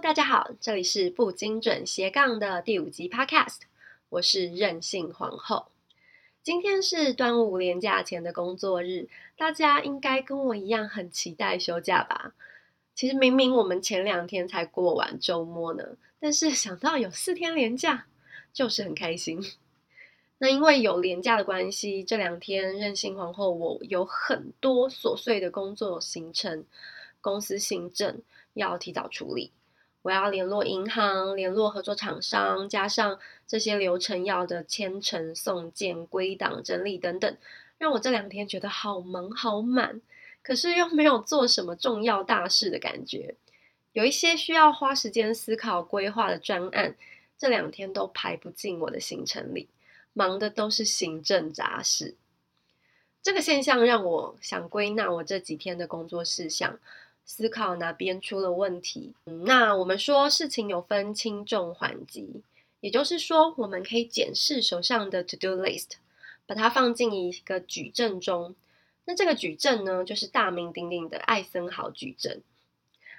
大家好，這裡是不精準斜槓的第五集 Podcast，我是任性皇後。今天是端午連假前的工作日，大家應該跟我一樣很期待休假吧？其實明明我們前兩天才過完週末呢，但是想到有四天連假，就是很開心。那因為有連假的關係，這兩天任性皇后我有很多瑣碎的工作行程，公司行政要提早處理。我要聯絡銀行，聯絡合作廠商，加上這些流程要的簽呈、送件、歸檔、整理等等，讓我這兩天覺得好忙好滿，可是又沒有做什麼重要大事的感覺。有一些需要花時間思考規劃的專案，這兩天都排不進我的行程裡，忙的都是行政雜事。這個現象讓我想歸納我這幾天的工作事項。思考哪邊出了問題。那我們說事情有分輕重緩急，也就是說，我們可以檢視手上的 to do list，把它放進一個矩陣中。那這個矩陣呢，就是大名鼎鼎的艾森豪矩陣。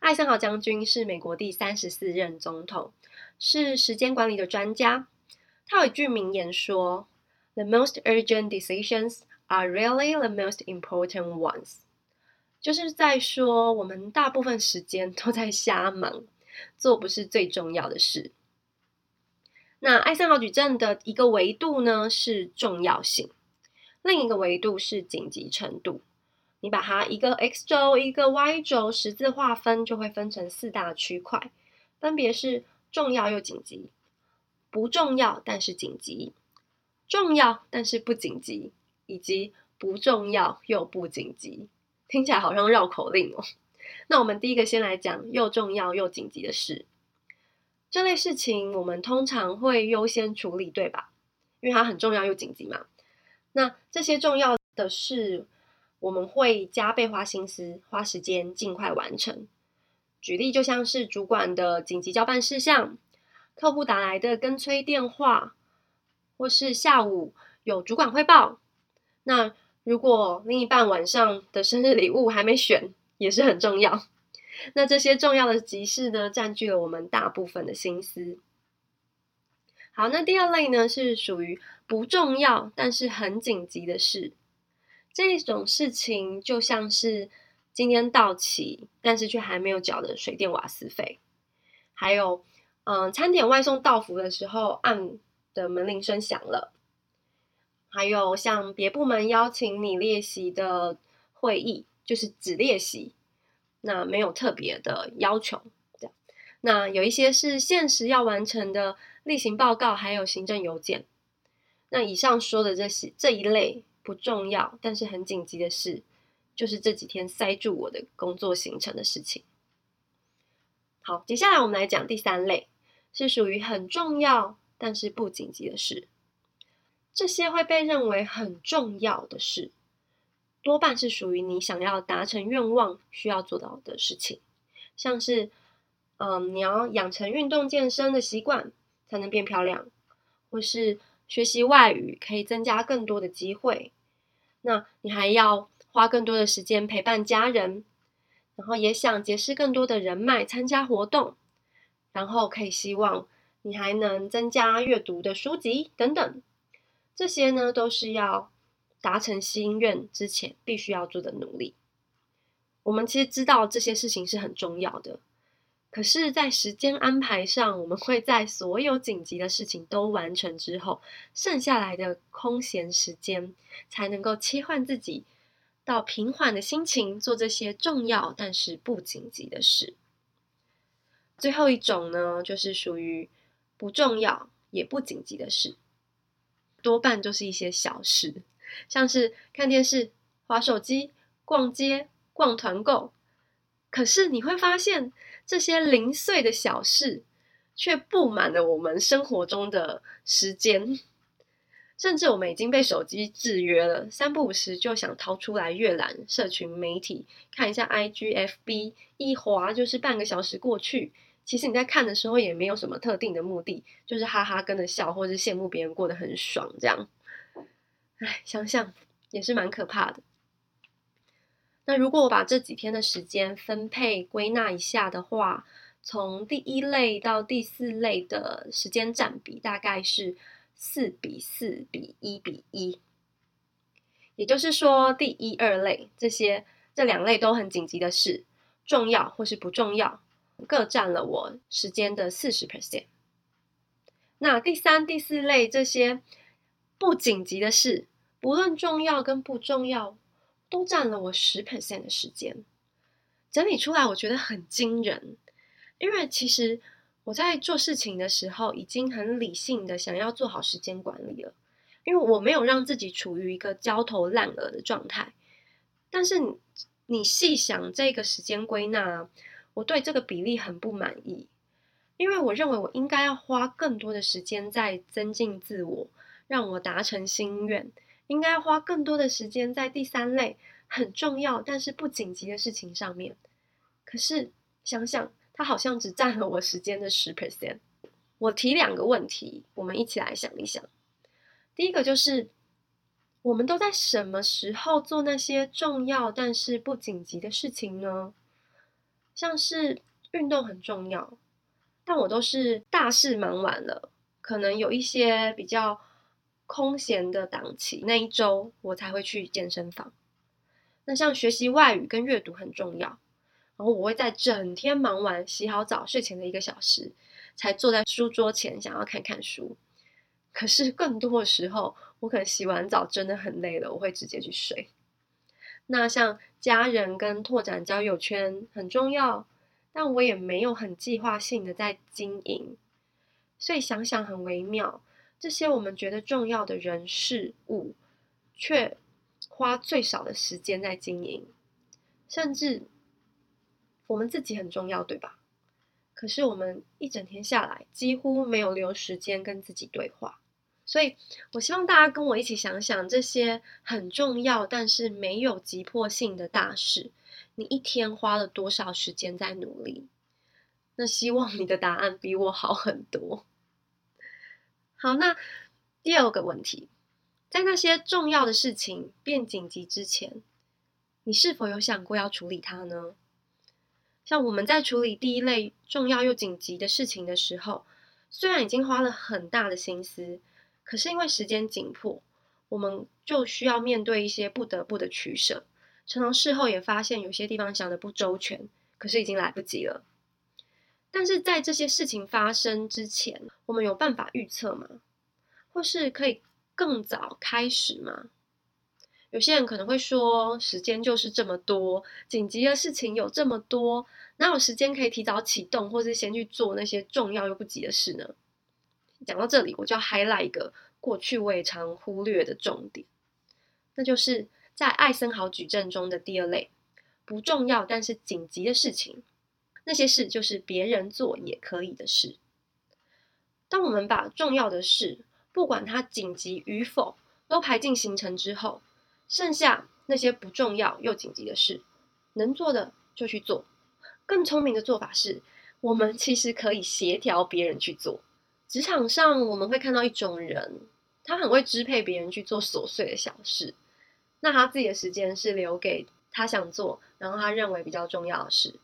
艾森豪將軍是美國第三十四任總統，是時間管理的專家。他有一句名言說：“The most urgent decisions are really the most important ones。”就是在說，我們大部分時間都在瞎忙，做不是最重要的事。那艾森豪矩陣的一個維度呢是重要性，另一個維度是緊急程度。你把它一個 X 軸、一個 Y 軸十字劃分，就會分成四大區塊，分別是重要又緊急、不重要但是緊急、重要但是不緊急，以及不重要又不緊急。聽起來好像繞口令哦。那我們第一個先來講又重要又緊急的事，這類事情我們通常會優先處理，對吧？因為它很重要又緊急嘛。那這些重要的事，我們會加倍花心思、花時間，儘快完成。舉例就像是主管的緊急交辦事項、客戶打來的跟催電話，或是下午有主管匯報。那如果另一半晚上的生日禮物還沒選，也是很重要。那這些重要的急事呢，佔據了我們大部分的心思。好，那第二類呢，是屬於不重要但是很緊急的事。這種事情就像是今天到期但是卻還沒有繳的水電瓦斯費，還有，嗯，餐點外送到府的時候按的門鈴聲響了。還有像別部門邀請你列席的會議，就是只列席，那沒有特別的要求。這樣，那有一些是限時要完成的例行報告，還有行政郵件。那以上說的這些這一類不重要，但是很緊急的事，就是這幾天塞住我的工作行程的事情。好，接下來我們來講第三類，是屬於很重要但是不緊急的事。這些會被認為很重要的事，多半是屬於你想要達成願望需要做到的事情，像是，嗯，你要養成運動健身的習慣才能變漂亮，或是學習外語可以增加更多的機會，那你還要花更多的時間陪伴家人，然後也想結識更多的人脈參加活動，然後可以希望你還能增加閱讀的書籍等等。這些呢，都是要達成心願之前必須要做的努力。我們其實知道這些事情是很重要的，可是，在時間安排上，我們會在所有緊急的事情都完成之後，剩下來的空閒時間，才能夠切換自己到平緩的心情，做這些重要但是不緊急的事。最後一種呢，就是屬於不重要也不緊急的事。多半就是一些小事，像是看電視、滑手機、逛街、逛團購。可是你會發現，這些零碎的小事卻佈滿了我們生活中的時間，甚至我們已經被手機制約了，三不五時就想掏出來閱覽社群媒體，看一下 IG、FB，一滑就是半個小時過去。其實你在看的時候也沒有什麼特定的目的，就是哈哈跟着笑，或者是羨慕別人過得很爽這樣。唉，想想也是蠻可怕的。那如果我把這幾天的時間分配歸納一下的話，從第一類到第四類的時間占比大概是四比四比一比一，也就是說，第一、二類這些這兩類都很緊急的事，重要或是不重要。各占了我時間的四十 percent。那第三、第四類這些不緊急的事，不論重要跟不重要，都占了我十 percent 的時間。整理出來，我覺得很驚人，因為其實我在做事情的時候，已經很理性的想要做好時間管理了，因為我沒有讓自己處於一個焦頭爛額的狀態。但是你你細想這個時間歸納。我對這個比例很不滿意，因為我認為我應該要花更多的時間在增進自我，讓我達成心願，應該花更多的時間在第三類很重要但是不緊急的事情上面。可是想想，它好像只占了我時間的十 percent。我提兩個問題，我們一起來想一想。第一個就是，我們都在什麼時候做那些重要但是不緊急的事情呢？像是運動很重要，但我都是大事忙完了，可能有一些比較空閒的檔期，那一周我才會去健身房。那像學習外語跟閱讀很重要，然後我會在整天忙完、洗好澡、睡前的一個小時，才坐在書桌前想要看看書。可是更多的時候，我可能洗完澡真的很累了，我會直接去睡。那像家人跟拓展交友圈很重要，但我也沒有很計劃性的在經營，所以想想很微妙。這些我們覺得重要的人事物，卻花最少的時間在經營，甚至我們自己很重要，對吧？可是我們一整天下來幾乎沒有留時間跟自己對話。所以，我希望大家跟我一起想想這些很重要但是沒有急迫性的大事。你一天花了多少時間在努力？那希望你的答案比我好很多。好，那第二個問題，在那些重要的事情變緊急之前，你是否有想過要處理它呢？像我們在處理第一類重要又緊急的事情的時候，雖然已經花了很大的心思。可是因為時間緊迫，我們就需要面對一些不得不的取捨。常常事後也發現有些地方想得不周全，可是已經來不及了。但是在這些事情發生之前，我們有辦法預測嗎？或是可以更早開始嗎？有些人可能會說，時間就是這麼多，緊急的事情有這麼多，哪有時間可以提早啟動，或是先去做那些重要又不急的事呢？講到這裡，我就要 highlight 一個過去我也常忽略的重點，那就是在艾森豪矩陣中的第二類，不重要但是緊急的事情，那些事就是別人做也可以的事。當我們把重要的事，不管它緊急與否，都排進行程之後，剩下那些不重要又緊急的事，能做的就去做。更聰明的做法是，我們其實可以協調別人去做。職場上，我們會看到一種人，他很會支配別人去做瑣碎的小事，那他自己的時間是留給他想做，然後他認為比較重要的事。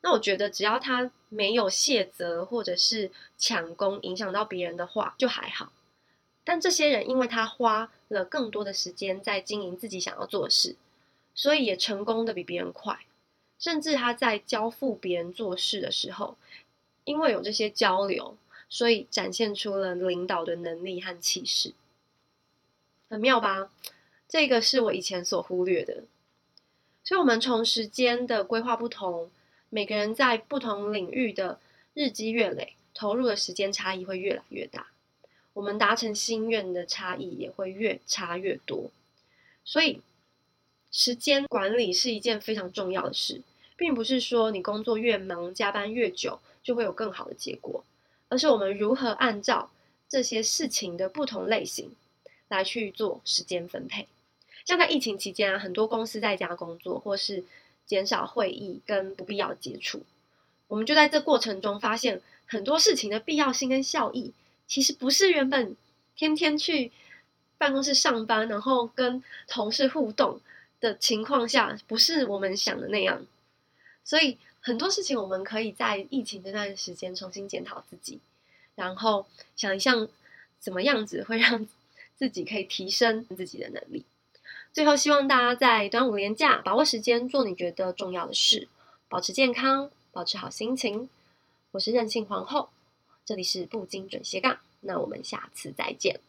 那我覺得，只要他沒有卸責或者是搶功，影響到別人的話，就還好。但這些人，因為他花了更多的時間在經營自己想要做的事，所以也成功的比別人快。甚至他在交付別人做事的時候，因為有這些交流。所以展現出了領導的能力和氣勢，很妙吧？這個是我以前所忽略的。所以，我們從時間的規劃不同，每個人在不同領域的日積月累投入的時間差異會越來越大，我們達成心願的差異也會越差越多。所以，時間管理是一件非常重要的事，並不是說你工作越忙，加班越久，就會有更好的結果。而是我們如何按照這些事情的不同類型來去做時間分配。像在疫情期間啊，很多公司在家工作，或是減少會議跟不必要接觸，我們就在這過程中發現，很多事情的必要性跟效益，其實不是原本天天去辦公室上班，然後跟同事互動的情況下，不是我們想的那樣。所以。很多事情我們可以在疫情這段時間重新檢討自己，然後想一想怎麼樣子會讓自己可以提升自己的能力。最後，希望大家在端午連假把握時間做你覺得重要的事，保持健康，保持好心情。我是任性皇後，這裡是不精準斜槓，那我們下次再見。